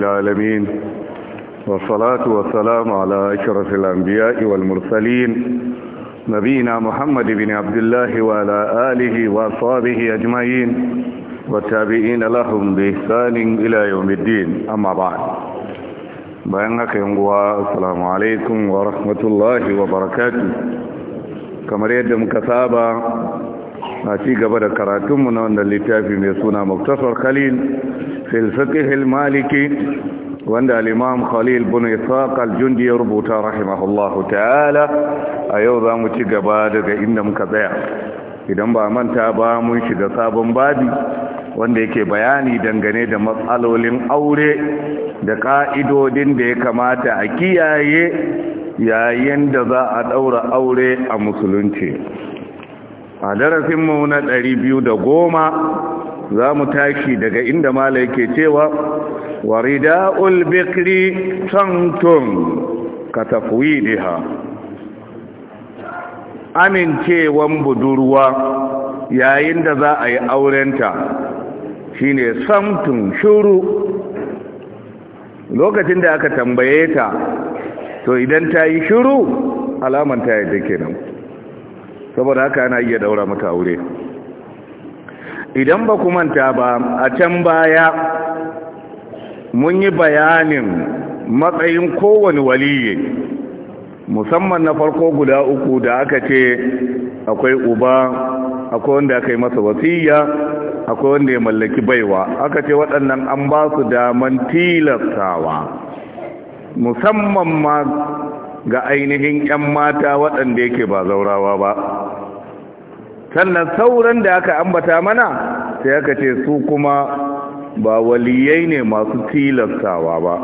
العالمين والصلاة والسلام على أشرف الأنبياء والمرسلين نبينا محمد بن عبد الله وعلى آله وصحبه أجمعين والتابعين لهم بإحسان إلى يوم الدين أما بعد بأنك ينقوى السلام عليكم ورحمة الله وبركاته كما ريد مكتابة a ci gaba da karatunmu na wannan littafi mai suna muktasar khalil filfiqihil maliki wanda al khalil bin ishaq jundi ya rubuta rahimahullahu ta'ala a yau za mu ci gaba daga inda muka tsaya idan ba manta ba mun shiga sabon babi wanda yake bayani dangane da matsalolin aure da ka'idodin da ya kamata a kiyaye yayin da za a ɗaura aure a musulunci a mu na ɗari biyu da goma za mu tashi daga inda mala yake cewa warida ulbikri tantun ka tafi diha amincewan budurwa yayin da za a yi aurenta shi ne samtun shuru lokacin da aka tambaye ta to idan ta yi shuru alamanta yadda nan. saboda haka yana iya daura maka aure idan ba manta ba a can baya mun yi bayanin matsayin kowane waliyye musamman na farko guda uku da aka ce akwai uba akwai wanda aka yi masa wasiya akwai wanda ya mallaki baiwa aka ce waɗannan an ba su daman tilastawa musamman ma ga ainihin 'yan mata waɗanda yake ba zaurawa ba sannan sauran da aka ambata mana sai aka ce su kuma ba waliyai ne masu tilastawa ba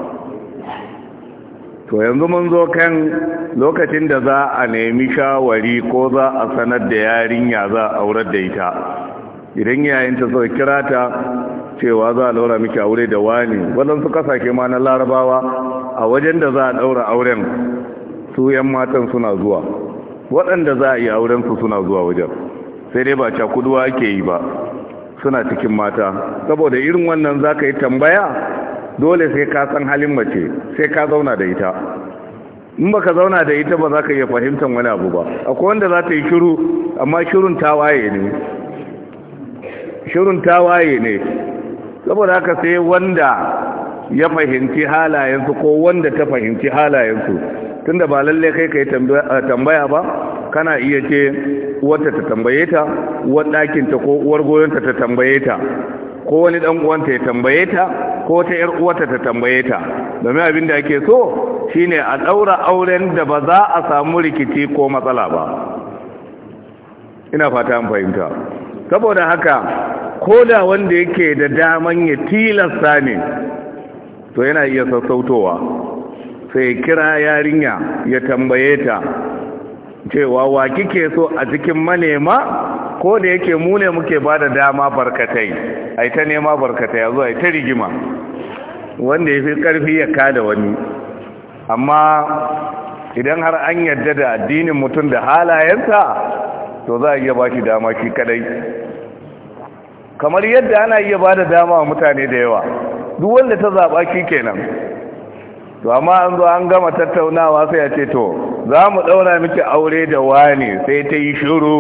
to yanzu mun zo kan lokacin da za a nemi shawari ko za a sanar da yarinya za a aurar da ita idan yayinta suka kira ta cewa za a laura miki aure da wani waɗansu kasashe ma na larabawa a wajen da za a ɗaura auren su yan matan suna zuwa waɗanda za a yi auren su suna zuwa wajen sai dai ba cakuduwa ake yi ba suna cikin mata saboda irin wannan za ka yi tambaya dole sai ka san halin mace sai ka zauna da ita in baka zauna da ita ba za ka iya fahimtar wani abu ba akwai wanda za ta yi shiru amma shirin tawaye ne shirin tawaye ne saboda haka sai wanda ya fahimci halayensu ko wanda ta fahimci halayensu tunda ba lalle kai kai tambaya ba kana iya ce wata ta tambaye ta uwar ɗakinta ko uwar goyonta ta tambaye ta ko wani dan uwanta ya tambaye ta ko ta yar uwarta ta tambaye ta domin abin da ake so shine a daura auren da ba za a samu rikici ko matsala ba ina fata an fahimta saboda haka ko da wanda yake da daman ya tilasta ne to yana iya sassautowa sai kira yarinya ya tambaye ta cewa wa kike so a cikin manema ko da yake mu ne muke bada dama barkatai ai ta nema barkatai a zuwa ta rigima wanda ya fi ƙarfi ya kada wani amma idan har an yadda da addinin mutum da halayensa to za a iya ba shi dama shi kadai kamar yadda ana iya bada dama wa mutane da yawa duk wanda ta zaɓa ki kenan to amma an zo an gama tattaunawa sai ya ce to za mu ɗaura miki aure da wani sai ta yi shiru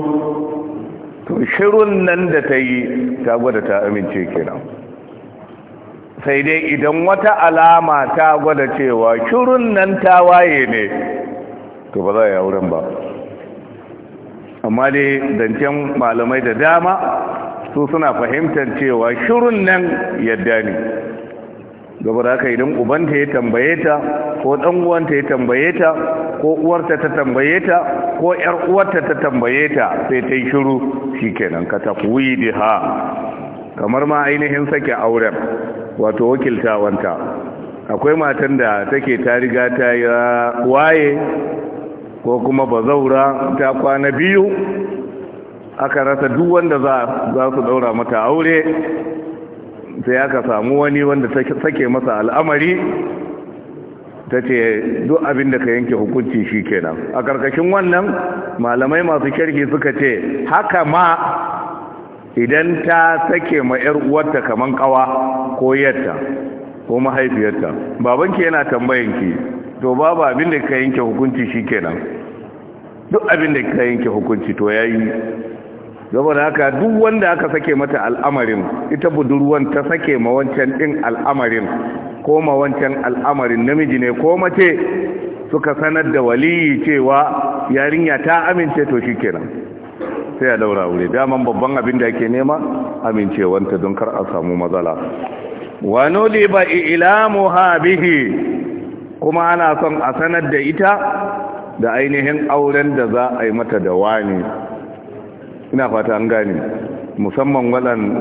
to shirun nan da ta yi ta gwada ta amince kenan sai dai idan wata alama ta gwada cewa shirun nan ta waye ne to ba za a yi auren ba amma dai zancen malamai da dama su suna fahimtar cewa shirun nan yadda ne saboda haka idan ubanta ya tambaye ta ko ɗan uwanta ya tambaye ta ko uwarta ta tambaye ta ko yar uwarta ta tambaye ta sai ta yi shiru kenan ka tafi ha. kamar ma ainihin sake auren wato wakiltawanta akwai matan da take ta riga ta waye ko kuma ba zaura ta kwana biyu aka rasa duk wanda za su daura mata aure sai aka samu wani wanda ta sake masa al'amari ta ce duk abin da ka yanke hukunci shi kenan a ƙarƙashin wannan malamai masu kirki suka ce haka ma idan ta sake ma 'yar uwarta kaman kawa ko yadda ko mahaifiyarta babanki yana tambayanki to babu abin da ka yanke hukunci shi kenan duk abin da ka yanke hukunci to ya yi. saboda haka duk wanda aka sake mata al'amarin ita budurwan ta sake ma wancan din al'amarin ko ma wancan al'amarin namiji ne ko mace suka sanar da waliyi cewa yarinya ta amince to shikenan sai a daura aure daman babban abin da ake nema amincewanta don kar a samu matsala wa nuliba ha bihi kuma ana son a sanar da ita da ainihin auren da za a yi mata da wani ina fata an gani musamman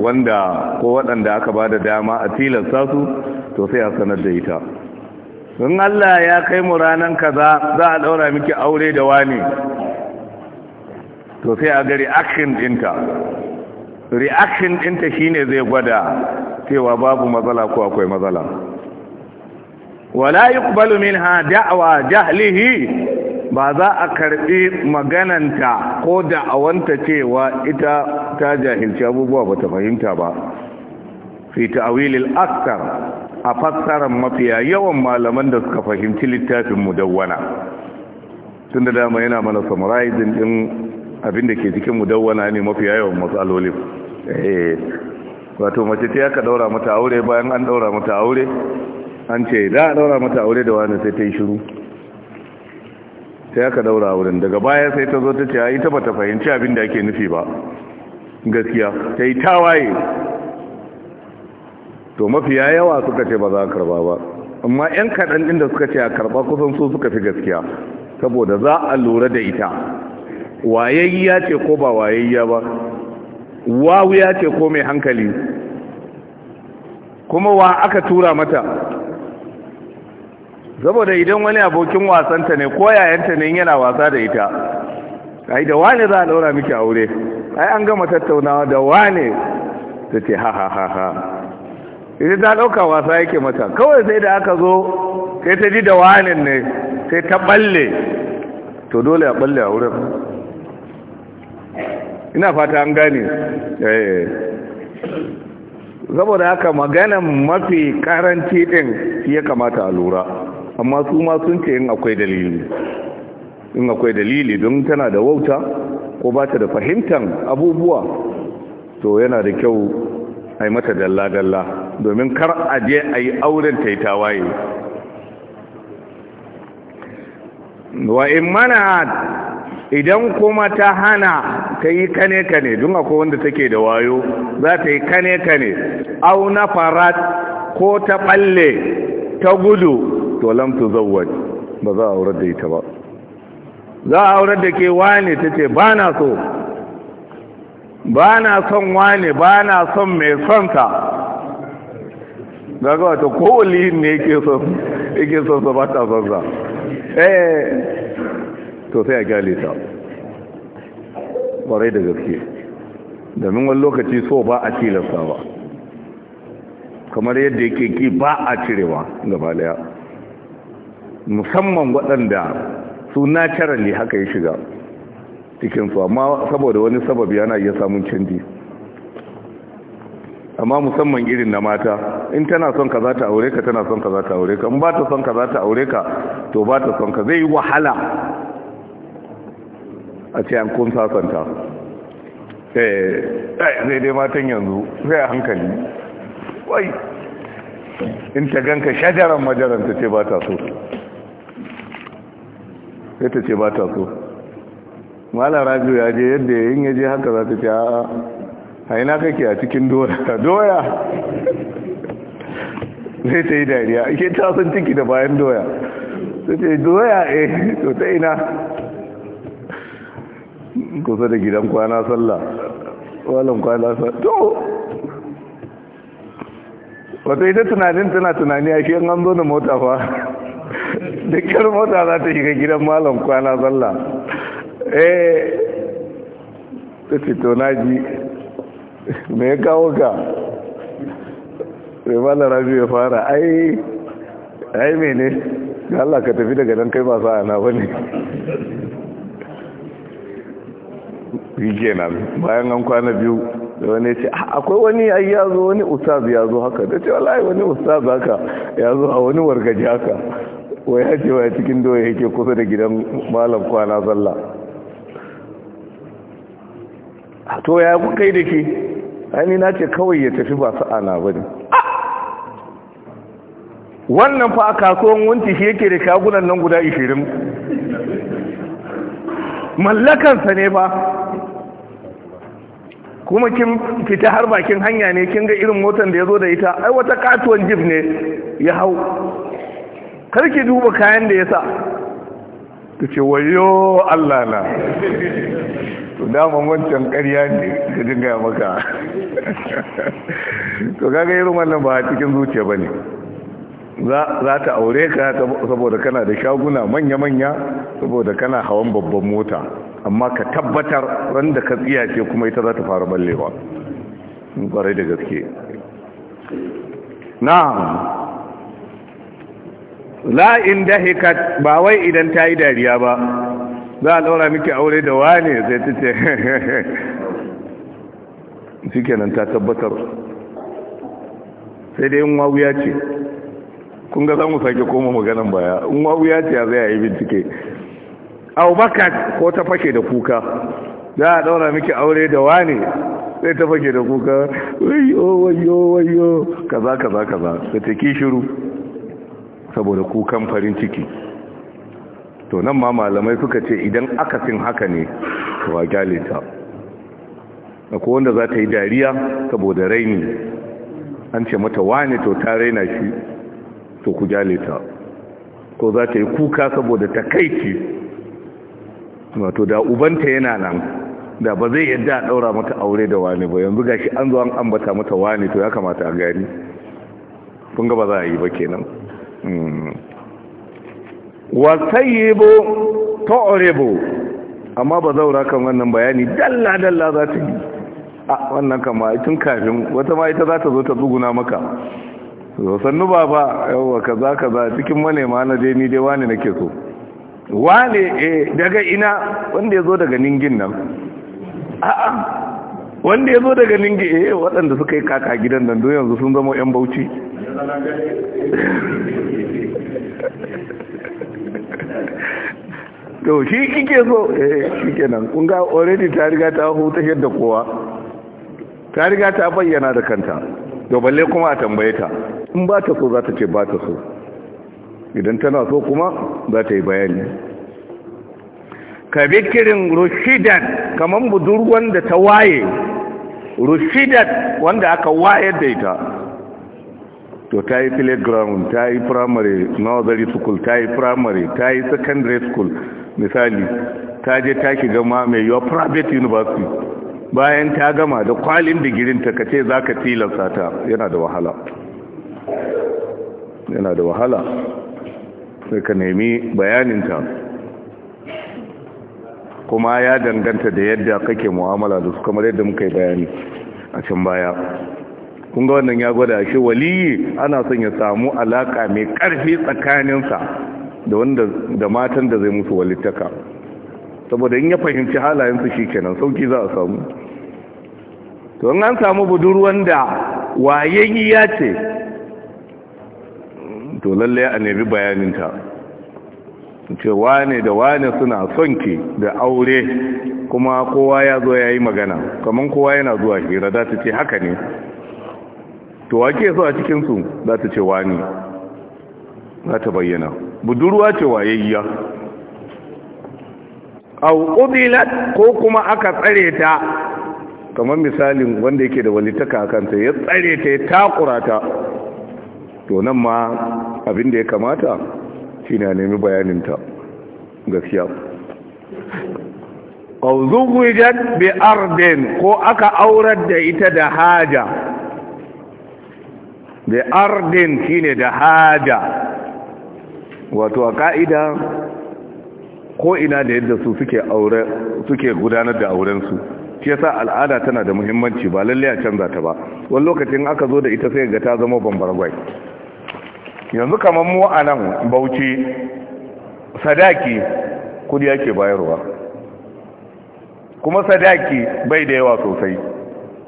wanda ko waɗanda aka ba da dama a tilasta su to sai a sanar da ita in Allah ya kai mu ranar kaza za a ɗaura miki aure da wani to sai a ga reaction ɗinta reaction ɗinta shine zai gwada cewa babu matsala ko akwai matsala wala yuqbalu minha da'wa jahlihi ba za a karɓi magananta ko da'awanta cewa ita ta jahilci abubuwa ba ta fahimta ba fi ta'awilil aksar a fassarar mafiya yawan malaman da suka fahimci littafin mudawwana tun da dama yana mana summarizing din abin da ke cikin mudawwana ne mafiya yawan matsaloli eh, wato mace ta yaka daura mata aure bayan an daura mata aure an ce da daura mata aure da wani sai ta yi shiru sai aka daura wurin daga baya sai ta zo ta ce ai ta bata fahimci abin da ake nufi ba gaskiya ta yi to mafiya yawa suka ce ba za a karba ba amma 'yan kaɗan inda da suka ce a karba kusan su suka fi gaskiya saboda za a lura da ita wayayya ce ko ba wayayya ba wawu ya ce ko mai hankali kuma wa aka tura mata saboda idan wani abokin wasanta ne ko yayanta ne yana wasa da ita ai da wane za a daura miki aure ai an gama tattaunawa da wane ta ce ha ha ha ha Idan ta dauka wasa yake mata kawai sai da aka zo sai ta ji da wane ne sai ta balle to dole a balle a wurin ina fata an gane eh. saboda haka maganan mafi karanci din ya kamata a lura amma su ma sun ce in akwai dalili in akwai dalili don tana da wauta ko ba ta da fahimtar abubuwa to yana da kyau a yi mata dalla-dalla domin kar a je a yi auren ta yi tawaye wa in mana idan kuma ta hana ta yi kane-kane don akwai wanda take da wayo za ta yi kane-kane au na farat ko ta balle ta gudu walam lam tuzawwaj ba za a aurar da ita ba za a aurar da ke wane ce ba na so ba na son wane ba na son mai son ka daga wata kowali ne yake son sa ba ta son sa eh to sai a gyale ta kwarai da gaske domin wani lokaci so ba a tilasta ba kamar yadda yake ki ba a cirewa gaba daya musamman waɗanda su ne haka ya shiga cikinsu amma saboda wani sababi yana iya samun canji amma musamman irin na mata in tana son ka za ta aure ka tana son ka za ta aure ka in ba ta son ka za ta aure ka to ba ta son ka zai yi wahala a ce an kun sasanta zai eh, eh, dai matan yanzu zai hankali wai in ta ganka shajaran majaranta ce ba ta so sai ta ce ba ta so mala rabiu ya je yadda yin ya je haka za ta ce a haina kake a cikin doya doya zai ta yi dariya Ike ta sun ciki da bayan doya sai ta ce doya eh to ta ina kusa da gidan kwana sallah walin kwana sallah to wata ita tunanin tana tunani a shi an zo da mota fa da kyar mota za ta shiga gidan malam kwana zalla. eh ta ce to na ji me ya kawo ka sai malam rabi ya fara ai ai mene ga Allah ka tafi daga nan kai masu ana na bane kenan bayan an kwana biyu da wani ce ah, akwai wani ai ya zo wani ustaz ya zo haka da ce wala wani ustaz haka ya zo a wani wargaji haka Wa ya ce wai cikin doya yake kusa da gidan malam kwana sallah to ya ku kai da ke ainihin na ce kawai ya tafi ba sa'ana ba ne wannan fa a kasuwan wunci shi yake da shagunan nan guda 20 mallakansa ne ba kuma kin fita har bakin hanya ne kin ga irin motar da ya zo da ita ai wata katuwan jif ne ya hau karki duba kayan da ya sa ta ce wayo Allah na to daman wancan karya ne ka jinga maka to kaga irin wannan ba a cikin zuciya ba ne za ta aure ka saboda kana da shaguna manya-manya saboda kana hawan babban mota amma ka tabbatar wanda ka ce kuma ita za ta fara ballewa ƙwarai da gaske na la in dahikat ba wai idan ta yi dariya ba za a ɗaura miki aure da wane zai ta ce shi kenan ta tabbatar sai dai in ya ce kun ga za mu sake koma maganin baya in ya ce zai a yi bincike abubakar ko ta fake da kuka za a ɗaura miki aure da wane sai ta fake da kuka wayo wayo wayo kaza kaza kaza sai ta ki shiru saboda kukan farin ciki to nan ma malamai suka ce idan aka sin haka ne to a gyale ta akwai wanda za ta yi dariya saboda raini an ce mata wani to ta raina shi to ku gyale ko za ta yi kuka saboda ta kaici wato da ubanta yana nan da ba zai yadda a daura mata aure da wani ba yanzu gashi an zo an ambata mata wani to ya kamata a gani kun ga ba za a yi ba kenan Mm. wasayyibo ta'ribu amma ba zaura kan wannan bayani dalla dalla za ta yi a wannan kama tun kafin wata ma ita za ta zo ta tsuguna maka sannu ba ba za kaza kaza cikin manema na je ni dai wani nake so wane eh daga ina wanda ya zo daga ningin nan a'a wanda ya zo daga ningin eh waɗanda suka yi kaka gidan nan don yanzu sun zama yan bauchi to shi kike so eh kenan kun ga already ta riga ta hutar da kowa ta riga ta bayyana da kanta to balle kuma a tambaye ta in ba ta so za ta ce ba ta so idan tana so kuma za ta yi bayani ka bikirin rushidat kamar budurwan da ta waye rushidan wanda aka wayar da ita to ta yi playground ta yi primary northern school ta yi primary ta yi secondary school misali ta je ta shiga mai yiwa private university bayan ta gama da kwalin digirin ta kace za ka tilasta ta yana da wahala yana da wahala sai ka nemi bayaninta kuma ya danganta da yadda kake mu'amala da su kamar yadda muka yi bayani a can baya Kunga wannan ya gwada shi waliyi ana son ya samu alaka mai karfi tsakaninsa da wanda da matan da zai musu walittaka saboda in ya fahimci halayensu shikenan sauki za a samu to an samu budurwan da wayayi ya ce to lalle a nemi bayaninta ce wane da wane suna son ki da aure kuma kowa ya zo ya yi magana kamar kowa yana zuwa hira za ta ce haka ne to wake so a cikinsu za ta ce wani za ta bayyana budurwa ce wayayya au ƙudilat ko kuma aka tsare ta kamar misalin wanda yake da walitaka a kanta ya tsare ta ya takura ta to nan ma abin da ya kamata shi na nemi bayaninta gaskiya au bi arden ko aka aurar da ita da haja da ardin shine da haja wato a ka'ida ko ina da yadda su suke aure suke gudanar da aurensu shi yasa al'ada tana da muhimmanci ba lalle a canza ta ba wani lokacin aka zo da ita sai ga ta zama gwai yanzu kamar mu a nan bauchi sadaki kudi yake bayarwa kuma sadaki bai da yawa sosai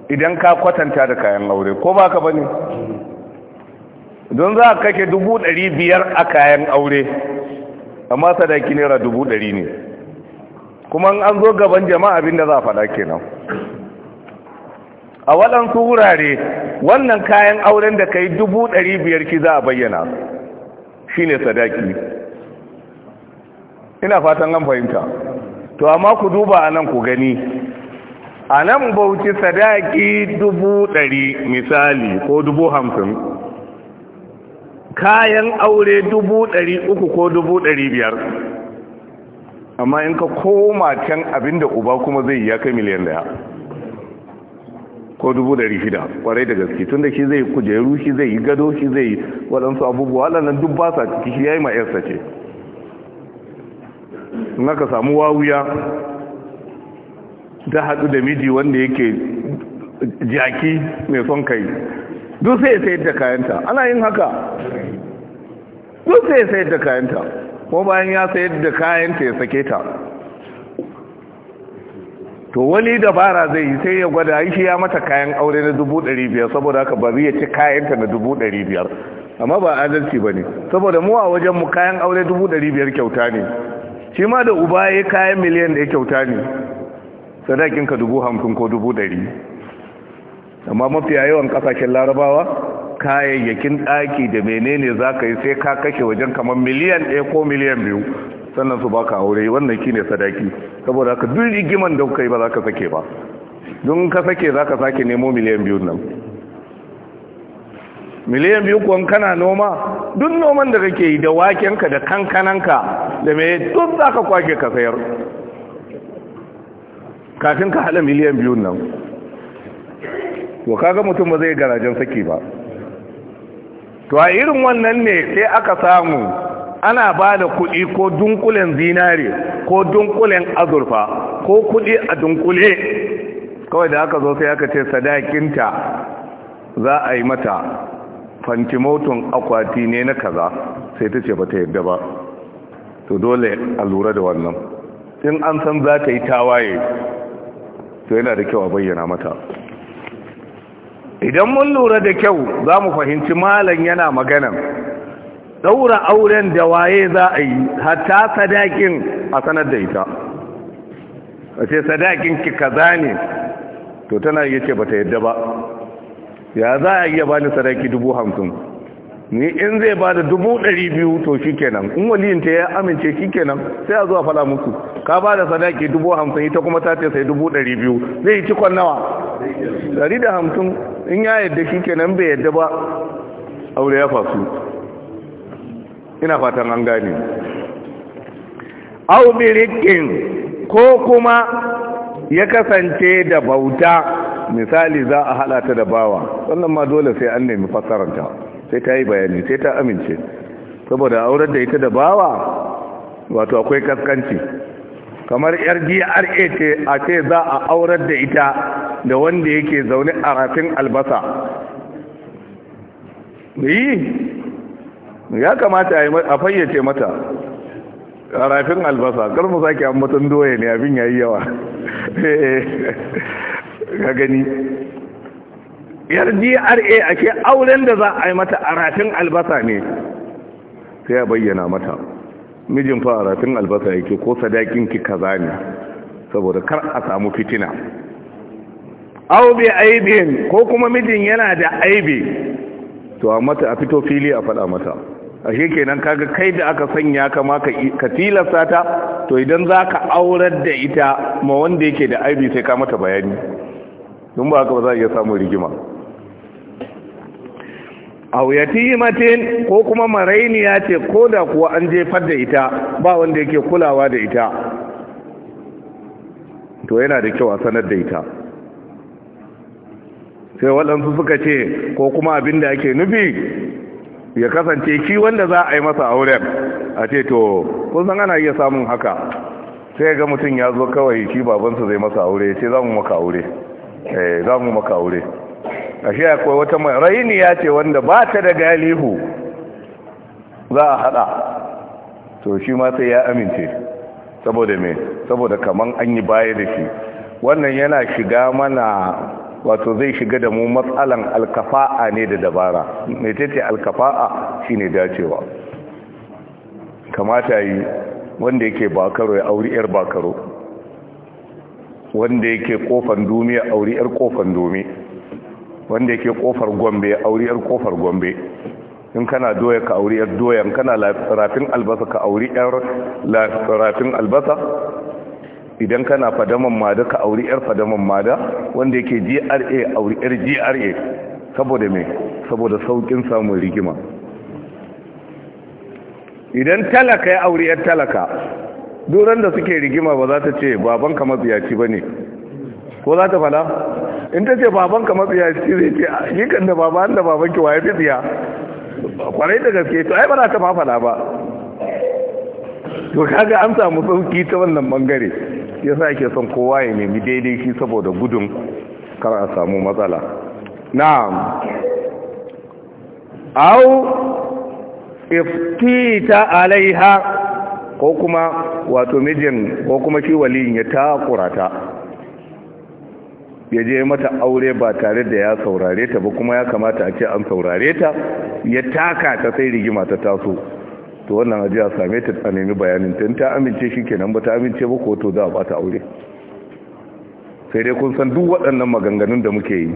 idan ka kwatanta da kayan aure ko ba ka bane don za a kashe dubu ɗari biyar a kayan aure amma sadaki naira dubu ɗari ne kuma an zo gaban jama'a abinda za a faɗa kenan a waɗansu wurare wannan kayan auren da ka yi dubu ɗari biyar ki za a bayyana shi ne sadaki ina fatan an fahimta to amma ku duba a nan ku gani a nan bauchi sadaki dubu ɗari misali ko dubu hamsin kayan aure dubu ɗari uku ko dubu ɗari biyar amma in ka koma can abinda uba kuma zai ya kai miliyan daya ko dubu ɗari shida kwarai da gaske tun da shi zai kujeru shi zai yi gado shi zai yi waɗansu abubuwa waɗannan duk ba sa ciki shi ya yi ma'yarsa ce in aka samu wawuya ta haɗu da miji wanda yake jaki mai son kai duk sai sayar da kayanta ana yin haka duk sai ya sayar da kayanta ko bayan ya sayar da kayanta ya sake ta to wani dabara zai yi sai ya gwada shi ya mata kayan aure na dubu biyar saboda haka bari ya ci kayanta na dubu biyar amma ba adalci ba ne saboda mu a wajen mu kayan aure dubu biyar kyauta ne shi ma da uba ya kayan miliyan da ya kyauta ne sadakinka dubu hamsin ko dubu amma mafiya yawan kasashen larabawa kayayyakin ɗaki da menene za ka yi sai ka kashe wajen kamar miliyan ɗaya ko miliyan biyu sannan su baka aure wannan ne sadaki saboda haka duk rigiman da kuka yi ba za ka sake ba don ka sake za ka sake nemo miliyan biyu nan miliyan biyu kuwan kana noma duk noman da kake yi da wakenka da kankananka da mai duk za ka kwake ka sayar kafin ka hada miliyan biyun nan to kaga mutum ba zai garajen saki ba to a irin wannan ne sai aka samu ana ba da kuɗi ko dunkulen zinari ko dunkulen azurfa ko kuɗi a dunkule kawai da aka zo sai aka ce sadakinta za a yi mata fantimotun akwati ne na kaza sai ta ce ba ta yadda ba to dole a lura da wannan in an san za ta yi tawaye to yana da kyau a bayyana mata idan mun lura da kyau za mu fahimci malam yana magana daura auren da waye za a yi hatta sadakin a sanar da ita a ce sadakin ki kaza ne to tana yi ce bata yadda ba ya za a iya bani sadaki dubu hamsin ni in zai ba da dubu ɗari biyu to shi kenan in ta ya amince shi kenan sai a zuwa fala musu ka ba da sadaki dubu hamsin ita kuma ta ce sai dubu ɗari biyu zai yi cikon nawa ɗari da hamsin in ya yadda shi kenan bai yadda ba aure ya fasu ina fatan an gane au birikin ko kuma ya kasance da bauta misali za a halata da bawa wannan ma dole sai an nemi fasaranta sai ta yi bayani sai ta amince saboda aurar da ita da bawa wato akwai kaskanci kamar yar gra ce a ce za a aurar da ita da wanda yake zaune a rafin albasa yi ya kamata a fayyace mata a rafin albasa karfi sake ambatan doye ne abin ya yi yawa ga gani yar gra ake auren da za a yi mata a rafin albasa ne sai ya bayyana mata mijin fa a rafin albasa yake ko sadakin ki kaza ne saboda kar a samu fitina au bi aibin ko kuma mijin yana da aibi to a mata a fito fili a faɗa mata ashe kenan kaga kai da aka sanya kama ka tilasta ta to idan zaka aurar da ita ma wanda yake da aibi sai ka mata bayani don ba haka ba za a iya samun rigima aw yatimatin ko kuma marainiya ce ko da kuwa an jefar da ita ba wanda yake kulawa da ita to yana da kyau a sanar da ita sai waɗansu suka ce ko kuma abin da ake nufi ya kasance ki wanda za a yi masa auren a ce to kun san ana iya samun haka sai ga mutum ya zo kawai shi babansa zai masa aure Sai za mu maka aure eh za mu maka aure a shi akwai wata mai raini ya ce wanda ba ta da galihu za a hada to shi ma sai ya amince saboda me saboda kaman an yi baya da shi wannan yana shiga mana wato zai shiga da mu matsalan alkafa'a ne da dabara tete alkafa'a shine dacewa kamata yi wanda yake bakaro ya auri yar bakaro wanda yake kofar dumi ya auri yar kofar dumi wanda yake kofar gombe ya auri yar kofar gombe in kana doya ka auri yar doyan kana rafin albasa ka auri yar rafin albasa idan kana fadaman mada ka auri yar fadaman mada wanda yake GRA auri yar GRA saboda me saboda saukin samun rigima idan talaka ya auri yar talaka duran da suke rigima ba za ta ce babanka matsiyaci ba ne ko za ta fada in ta ce babanka matsiyaci zai ce a ah, kan da baban da babanki waye fi tsiya kwarai da gaske to ai ba za ta fafada ba to kaga an samu sauki ta wannan bangare shi yasa ake son kowa ya nemi daidai shi saboda gudun kar a samu matsala na'am au iftita alaiha ko kuma wato mijin ko kuma shi waliyin ya takurata ya je mata aure ba tare da ya saurare ta ba kuma ya kamata a ce an saurare ta ya taka ta sai rigima ta taso to wannan ajiya same ta a nemi bayanin ta ta amince shi kenan ba ta amince ba ko to za a bata aure sai dai kun san duk waɗannan maganganun da muke yi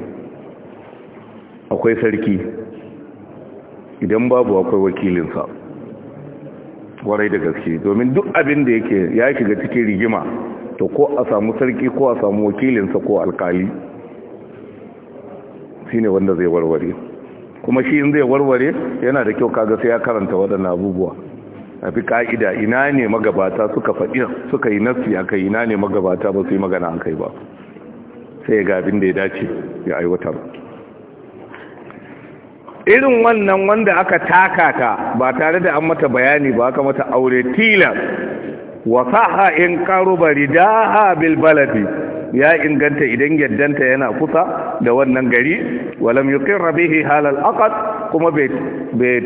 akwai sarki idan babu akwai wakilinsa warai da gaske domin duk abin da yake ya shiga cikin rigima to ko a samu sarki ko a samu wakilinsa ko alkali shine wanda zai warware kuma shi in zai warware yana da kyau kaga sai ya karanta waɗannan abubuwa a fi ka'ida ina ne magabata suka faɗi suka yi nafi a kai ina ne magabata ba su yi magana a kai ba sai ga abin da ya dace ya aiwatar irin wannan wanda aka taka ta ba tare da an mata bayani ba aka mata aure tilas wasaha in karuba ridaha bil baladi ya inganta idan yaddanta yana kusa da wannan gari walam yuqir bihi halal aqd kuma bai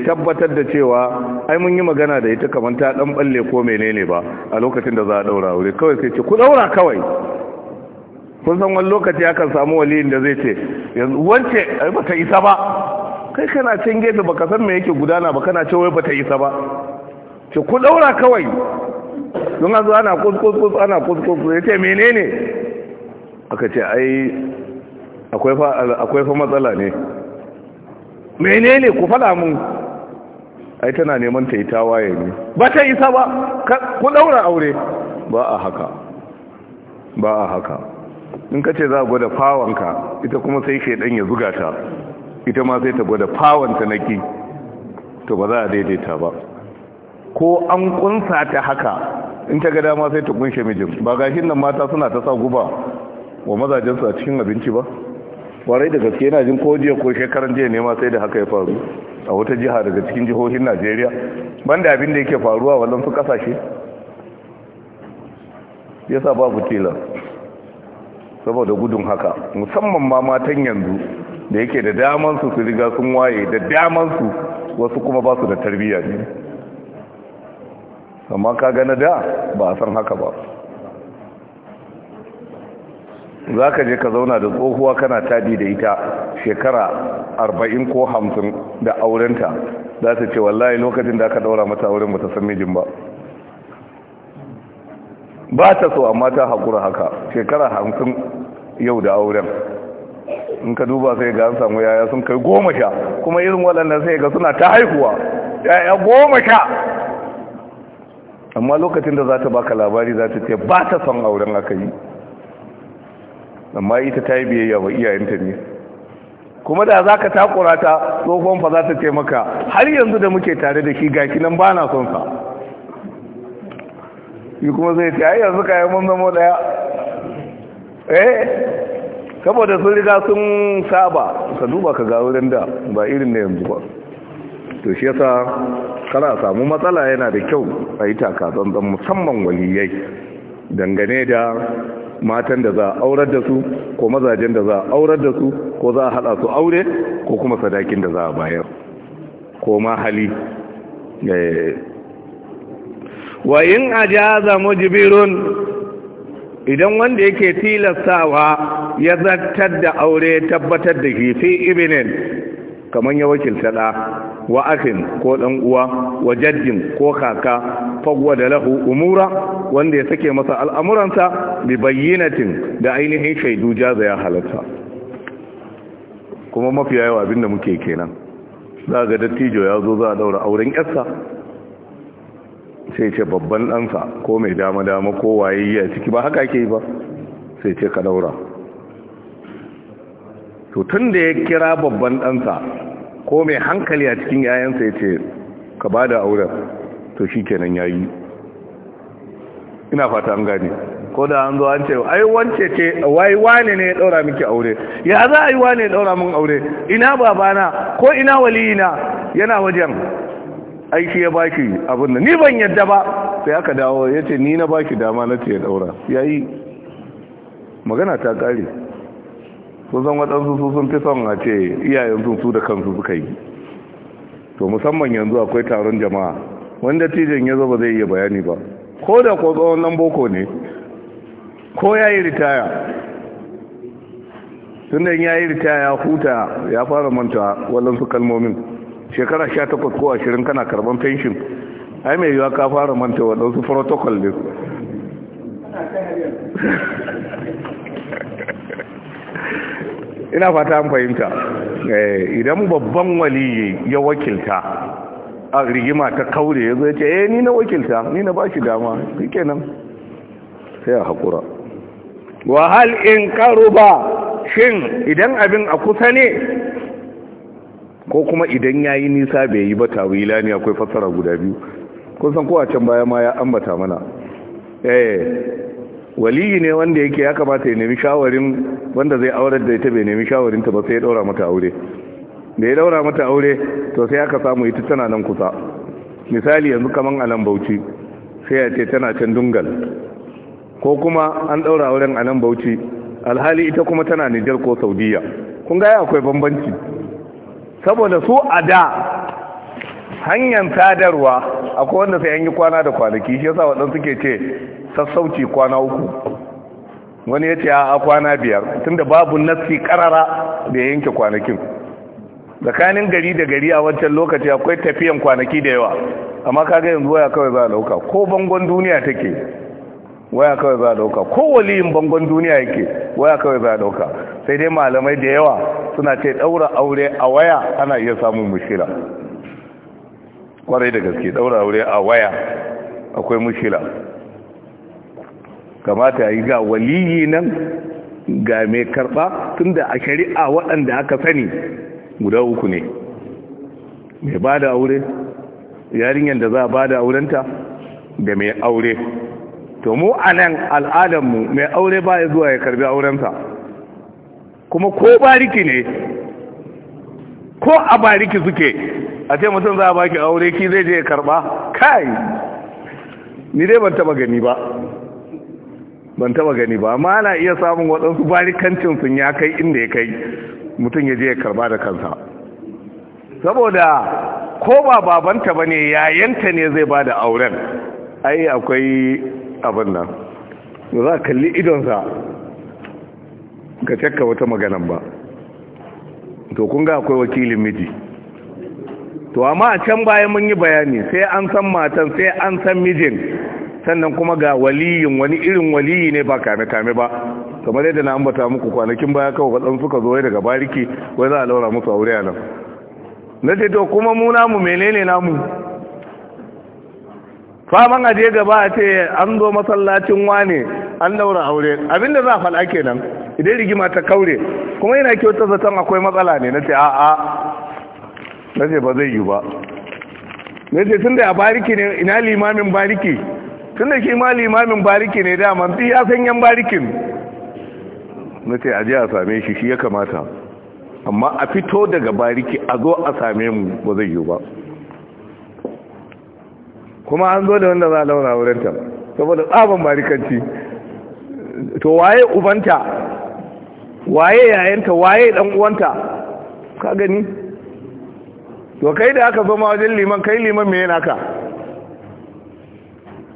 tabbatar da cewa ai mun yi magana da ita kamar ta dan balle ko menene ba a lokacin da za a daura aure kawai sai ce ku daura kawai kun san wani lokaci akan samu waliyin da zai ce yanzu wance ai bata isa ba kai kana cin gefe baka san me yake gudana ba kana ce wai bata isa ba ce ku daura kawai don azu ana kuskus ana kuskus ya ce menene aka ce ai akwai fa matsala ne menene ku fada mun ai tana neman ta yi tawaye ne ba ta isa ba ku daura aure ba a haka ba a haka in ka ce za a gwada fawanka ita kuma sai ke dan ya zuga ta ita ma sai ta gwada fawanta naki to ba za a daidaita ba ko an kunsa ta haka in ta gada ma sai ta kunshe mijin ba gashin nan mata suna ta sa guba wa mazajensu a cikin abinci ba warai da gaske yana jin ko ko shekaran jiya ne ma sai da haka ya faru a wata jiha daga cikin jihohin najeriya banda abin da yake faruwa wannan su kasashe ya yasa babu tela saboda gudun haka musamman ma matan yanzu da yake da damansu su riga sun waye da damansu wasu kuma ba su da tarbiyya ne amma ka gana da ba a san haka ba za ka je ka zauna da tsohuwa kana tadi da ita shekara arba'in ko hamsin da aurenta za ta ce wallahi lokacin da aka daura mata auren ba ta san mijin ba ba ta so amma ta haƙura haka shekara hamsin yau da auren in ka duba sai ga an samu yaya sun kai goma sha kuma irin waɗannan sai ga suna ta haihuwa yaya goma sha amma lokacin da za ta baka labari za ta ce ba ta son auren aka yi amma ita ta yi biyayya wa iyayenta ne kuma da za ka takura ta tsohon fa za ta ce maka har yanzu da muke tare da shi gaki nan ba na son sa yi kuma zai ce ai yanzu yi mun zama daya eh saboda sun riga sun saba ka duba ka ga wurin da ba irin na yanzu ba to shi yasa kana samu matsala yana da kyau a yi taka-tsantsan musamman waliyai dangane da matan da za a aurar da su ko mazajen da za a aurar da su ko za a haɗa su aure ko kuma sadakin da za a bayar ko ma hali eh. wa in ajaza mujbirun idan wanda yake tilastawa ya zartar da aure tabbatar da fi ibinin kamar ya wakilta ɗa wa akhin ko dan uwa wa jaddin ko kaka da lahu umura wanda ya sake masa al'amuransa bi bayyinatin da ainihin shaidu jazaya ya halatta kuma mafi yawa abinda muke kenan za ga dattijo ya zo za a daura auren yarsa sai ce babban ɗansa ko mai dama-dama ko waye ya ciki ba haka ke ba sai ce ka daura to tun da ya kira babban ɗansa ko mai hankali a cikin yayansa ya ce ka ba da auren to shi kenan ya yi ina fata an gane ko da an zo an ce ai wance ce wai wane ne ya daura miki aure ya za a yi wane ya daura min aure ina babana ko ina waliyina yana wajen aiki ya baki abin da ni ban yadda ba sai aka dawo ya ce ni na baki dama na ce ya daura ya yi magana ta kare sun san waɗansu su sun fi son a ce iyayen su da kansu suka yi to musamman yanzu akwai taron jama'a wanda tijin ya zo ba zai iya bayani ba ko da ko tsohon nan boko ne ko ya yi ritaya tun da ya yi ritaya huta ya fara manta waɗansu kalmomin shekara sha takwas ko ashirin kana karban fenshin ai mai yiwa ka fara manta waɗansu protocol ne ina fata an fahimta eh, idan babban waliyi ya wakilta a rigima ta kaure ya zai ce eh, ni na wakilta ni na ba shi dama shikenan sai a haƙura wa hal in ba shin idan abin a kusa ne ko kuma idan ya yi nisa bai yi ba tawila ne akwai fasara guda biyu kun san baya ma ya ambata mana eh waliyi ne wanda yake ya kamata ya nemi shawarin wanda zai aurar da ita bai nemi shawarin ta ba sai ya daura mata aure da ya daura mata aure to sai aka samu ita tana nan kusa misali yanzu kaman a nan bauchi sai ya ce tana can dungal ko kuma an daura auren a nan bauchi alhali ita kuma tana Nijar ko Saudiya kun ga akwai bambanci saboda su a da hanyar sadarwa akwai wanda sai an yi kwana da kwanaki shi yasa waɗansu ke ce sassauci kwana uku wani ya ce a kwana biyar tunda babu nassi karara da yanke kwanakin tsakanin gari da gari a wancan lokaci akwai tafiyan kwanaki da yawa amma kaga yanzu waya kawai za a dauka ko bangon duniya take waya kawai za a dauka ko waliyin bangon duniya yake waya kawai za a dauka sai dai malamai da yawa suna ce daura aure a waya ana iya samun mushila kwarai da gaske daura aure a waya akwai mushila. kamata yi ga waliyi nan ga mai tunda tun da a shari'a waɗanda aka sani guda uku ne mai ba da aure yarinyar da za a ba da aurenta da mai aure to mu a nan al'adarmu mai aure ba ya zuwa ya karbi aurensa kuma ko bariki ne ko a bariki suke a ce mutum za a baki aure ki zai je ya karba kai ni dai ban taba gani ba ban taba gani ba amma ana iya samun waɗansu barikancin sun ya kai inda ya kai mutum ya je ya karba da kansa saboda ko ba babanta ba ne yayanta ne zai ba da auren ai akwai abin nan za kalli idonsa ka cakka wata maganan ba to kun ga akwai wakilin miji to amma a can bayan mun yi bayani sai an san matan sai an san mijin sannan kuma ga waliyin wani irin waliyi ne ba kame kame ba kamar yadda na ambata muku kwanakin baya kawai waɗansu suka zo daga bariki wai za a laura musu aure a nan na ce to kuma mu namu menene namu faman aje gaba a ce an zo masallacin wane an laura aure abinda za a faɗa nan idan rigima ta kaure kuma yana kyauta zaton akwai matsala ne na ce a'a na ce ba zai yi ba na ce tun da a bariki ne ina limamin bariki tun da shi ma limamin bariki ne daman fi ya san yan barikin na ce aje a same shi shi ya kamata amma a fito daga bariki a zo a same mu ba zai yiwu ba kuma an zo da wanda za a launa wurinta saboda tsaban barikanci to waye ubanta waye yayanta waye dan uwanta ka gani to kai da aka zo ma wajen liman kai liman me yana ka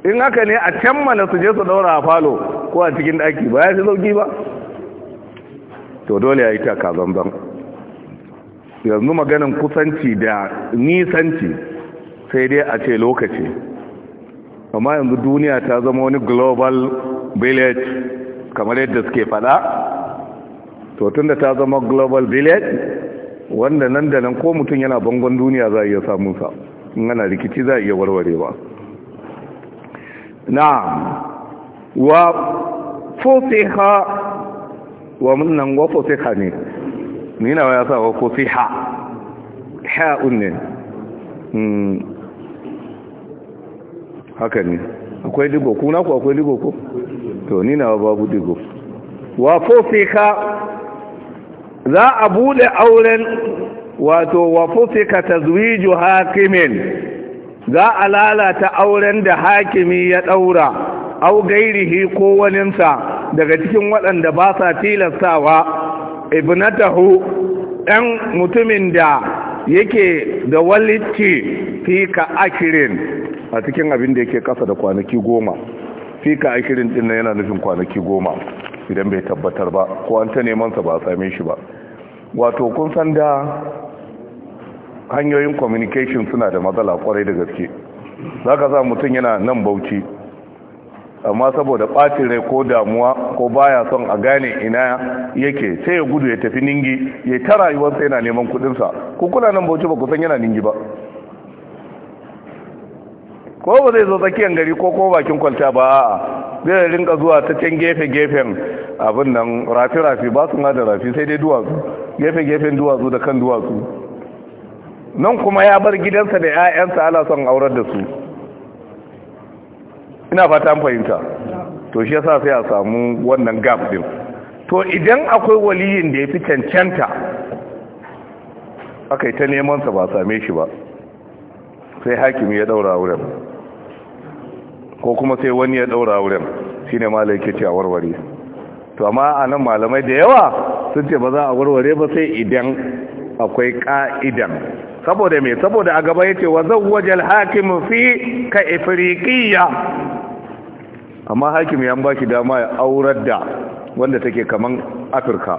in haka ne a can mana su je su daura a falo ko a cikin daki ba ya fi sauki ba to dole ya yi ta zanzan yanzu maganin kusanci da nisanci sai dai a ce lokaci amma yanzu duniya ta zama wani global village kamar yadda suke fada to tunda ta zama global village wanda nan da nan ko mutum yana bangon duniya za a iya samunsa in ana rikici za a iya warwarewa na'am wa fusiha wa munnan wa fusiha ne ni na ya sa wa fusiha ha'un ne hmm haka ne akwai digo ku na ku akwai digo ko to ni na babu digo wa fusiha za a bude auren wato wa fusiha tazwiju hakimin za a lalata auren da hakimi ya ɗaura au gairihi ko waninsa daga cikin waɗanda ba sa tilastawa ibnatahu ɗan mutumin da yake da walitci fi ka akirin a cikin abin da yake ƙasa da kwanaki goma fi ka akirin ɗin yana nufin kwanaki goma idan bai tabbatar ba ko an ta nemansa ba a same shi ba wato kun san da hanyoyin communication suna da matsala kwarai da gaske za ka sa mutum yana nan bauchi amma saboda ɓacin rai ko damuwa ko baya son a gane ina yake sai ya gudu ya tafi ningi ya ta rayuwarsa yana neman kudinsa ko kuna nan bauchi ba kusan yana ningi ba ko ba zai zo tsakiyar gari ko ko bakin kwalta ba a zai rinka zuwa ta can gefe-gefen abin nan rafi-rafi ba su da rafi sai dai duwatsu gefe-gefen duwatsu da kan duwatsu nan kuma ya bar gidansa da 'ya'yansa ala son aurar da su ina fata fahimta to shi yasa sai a samu wannan gap din to idan akwai waliyin da ya fi cancanta aka yi ta nemansa ba same shi ba sai hakimi ya daura wurin ko kuma sai wani ya daura wurin Shi ne ma ce a warware to amma a nan malamai da yawa sun ce ba za a warware ba sai idan akwai ƙa'idan. saboda mai saboda a gaba zan wa zawwajal hakim fi ka ifirikiya amma hakim ya shi dama ya aurar da wanda take kaman afirka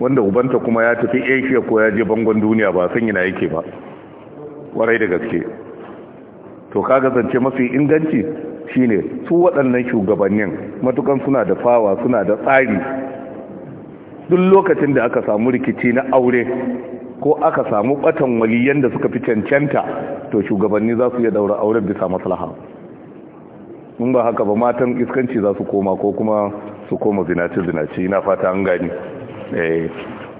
wanda ubanta kuma ya tafi asia ko ya je bangon duniya ba san yana yake ba warai da gaske to ka zance mafi inganci shine su waɗannan shugabannin matukan suna da fawa suna da tsari duk lokacin da aka samu rikici na aure ko aka samu batan waliyan da suka fi cancanta to shugabanni za su iya daura auren bisa maslaha in ba haka ba matan iskanci za su koma ko kuma su koma zinace-zinace ina fata an gani eh,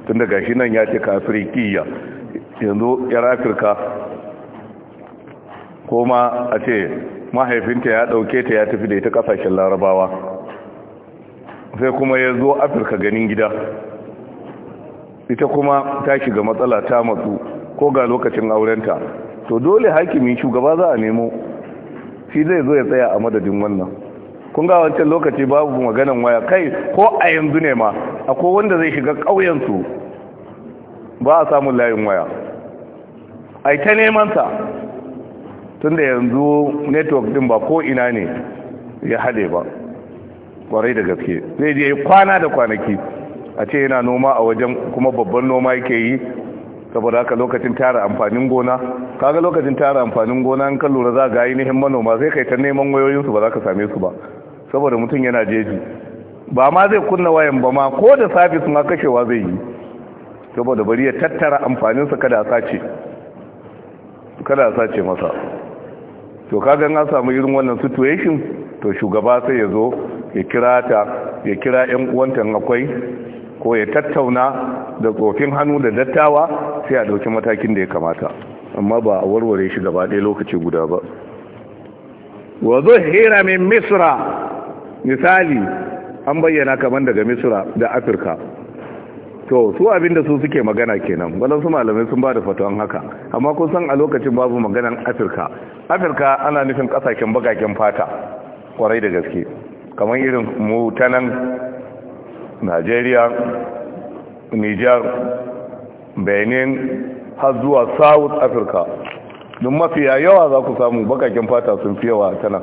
tun daga shi nan ya ce ka afirikiya yanzu yar afirka koma a ce mahaifinta ya dauke ta ya tafi da ita kasashen larabawa sai kuma ya zo afirka ganin gida ita kuma ta shiga matsala ta matsu ko ga lokacin aurenta to dole hakimin shugaba za a nemo shi zai zo ya tsaya a madadin wannan kun ga wancan lokaci babu maganan waya kai ko a yanzu ne ma akwai wanda zai shiga ƙauyensu ba a samun layin waya ai ta neman tun da yanzu network din ba ko ina ne ya hade ba ƙwarai da gaske zai je kwana da kwanaki a ce yana noma a wajen kuma babban noma yake yi saboda haka lokacin tara amfanin gona kaga lokacin tara amfanin gona an kan lura za ga yi nihin manoma sai kai ta neman wayoyinsu ba za ka same su ba saboda mutum yana jeji ba ma zai kunna wayan ba ma ko da sabis ma kashewa zai yi saboda bari ya tattara amfaninsa kada a sace kada a sace masa to kaga an samu irin wannan situation to shugaba sai ya zo ya kira ta ya kira uwanta akwai ko ya tattauna da tsofin hannu da dattawa sai a ɗauki matakin da ya kamata amma ba a warware shi gaba ɗaya lokaci guda ba wa zuhira min misra misali an bayyana kamar daga misra da afirka to su abinda su suke magana kenan wadansu malamai sun ba da fatawan haka amma kun san a lokacin babu maganan afirka afirka ana nufin ƙasashen bagaken fata kwarai da gaske kamar irin mu ta nan najeriya niger benin har zuwa south africa don mafiya yawa za ku samu bakakin fata sun fi yawa tana,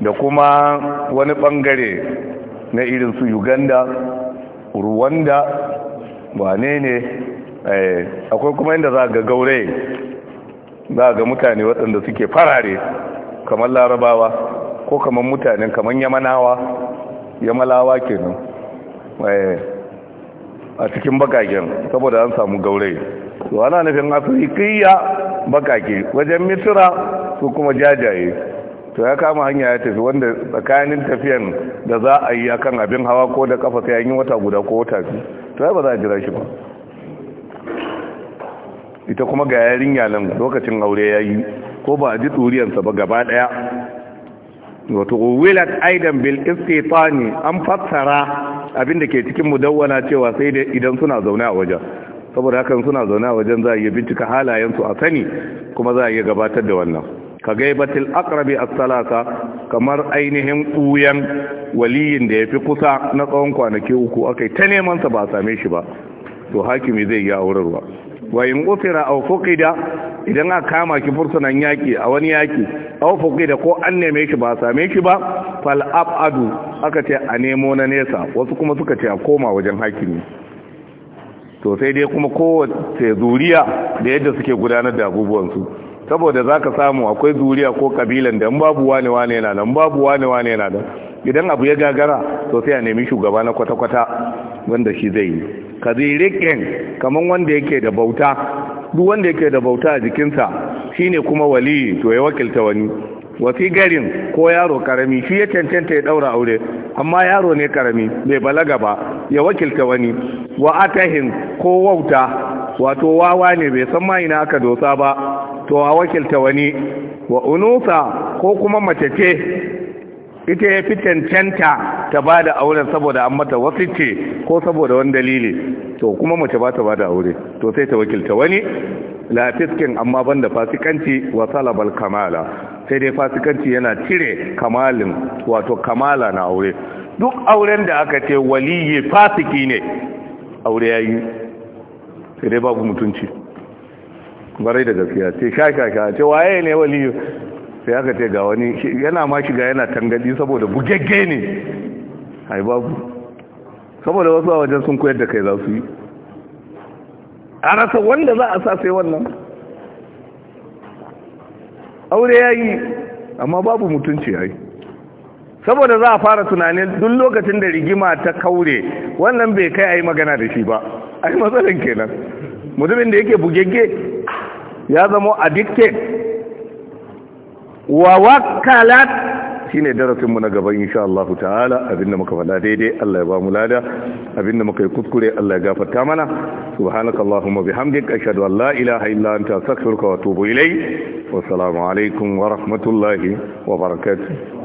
da kuma wani bangare na irin su uganda rwanda wane ne eh, akwai kuma inda za ga gaure za ga mutane waɗanda suke farare kamar larabawa ko kamar mutanen kamar yamanawa yamalawa kenan Eh, a cikin bakakin saboda an samu gaurai to ana nufin afirikiyya bakake wajen misira su kuma jajaye to ya kama hanya ya tafi wanda tsakanin tafiyan da za a yi akan abin hawa ko da kafa sai yi wata guda ko wata biyu to ya ba za a jira shi ba ita kuma ga yarinya nan lokacin aure ya yi ko ba a ji tsuriyarsa ba gaba ɗaya wato wilat aidan bil istitani an fassara abinda ke cikin mudawwana cewa sai da idan suna zaune a wajen saboda hakan suna zaune a wajen za a iya bincika halayensu a sani kuma za a iya gabatar da wannan ka gaibatil akrabi as-salasa kamar ainihin ɓuyan waliyin da yafi kusa na tsawon kwanaki uku akai ta neman sa ba same shi ba to hakimi zai yi aurarwa wa in gufira aw fuqida idan a kama ki fursunan yaki a wani yaki aw fuqida ko an neme shi ba same shi ba fal abadu aka ce a nemo na nesa wasu kuma suka ce a koma wajen hakimi to sai dai kuma kowace zuriya da yadda suke gudanar da abubuwansu saboda za ka samu akwai zuriya ko kabilan da babu wane wane yana nan babu wane wane yana nan idan abu ya gagara to sai a nemi shugaba na kwata-kwata wanda shi zai yi ka zirikin kamar wanda yake da bauta duk wanda yake da bauta a jikinsa shine kuma waliyi to ya wakilta wani wafi garin ko yaro karami shi ya cancanta ya daura aure amma yaro ne karami bai balaga ba ya wakilta wani wa atahin ko wauta wato wawa ne bai san ma ina aka dosa ba to a wakilta wani wa unusa ko kuma mace ce ita ya fi cancanta ta ba da auren saboda an mata wasu ce ko saboda wani dalili to kuma mace ba ta ba da aure to sai ta wakilta wani la amma amma banda fasikanci wa labar kamala sai dai fasikanci yana cire kamalin wato kamala na aure duk auren da aka ce waliyi fasiki ne aure ya yi sai dai babu mutunci barai da gaskiya ce shaka ce waye ne waliyu? sai aka ce ga wani yana ma shiga yana tangadi saboda bugegge ne ai babu saboda wasu a wajen sun koyar da kai za su yi a rasa wanda za a sa sai wannan aure ya yi amma babu mutunci ya yi saboda za a fara tunanin duk lokacin da rigima ta kaure wannan bai kai a yi magana da shi ba a yi matsalin kenan mutumin da yake bugegge ya zama addicted wa wakkalat shine darasin mu na gaba insha Allah ta'ala abinda muka faɗa daidai Allah ya ba mu lada abinda muka yi kuskure Allah ya gafarta mana subhanakallahumma bihamdika ashhadu an la ilaha illa anta astaghfiruka wa atubu ilayk wa assalamu alaikum wa rahmatullahi wa barakatuh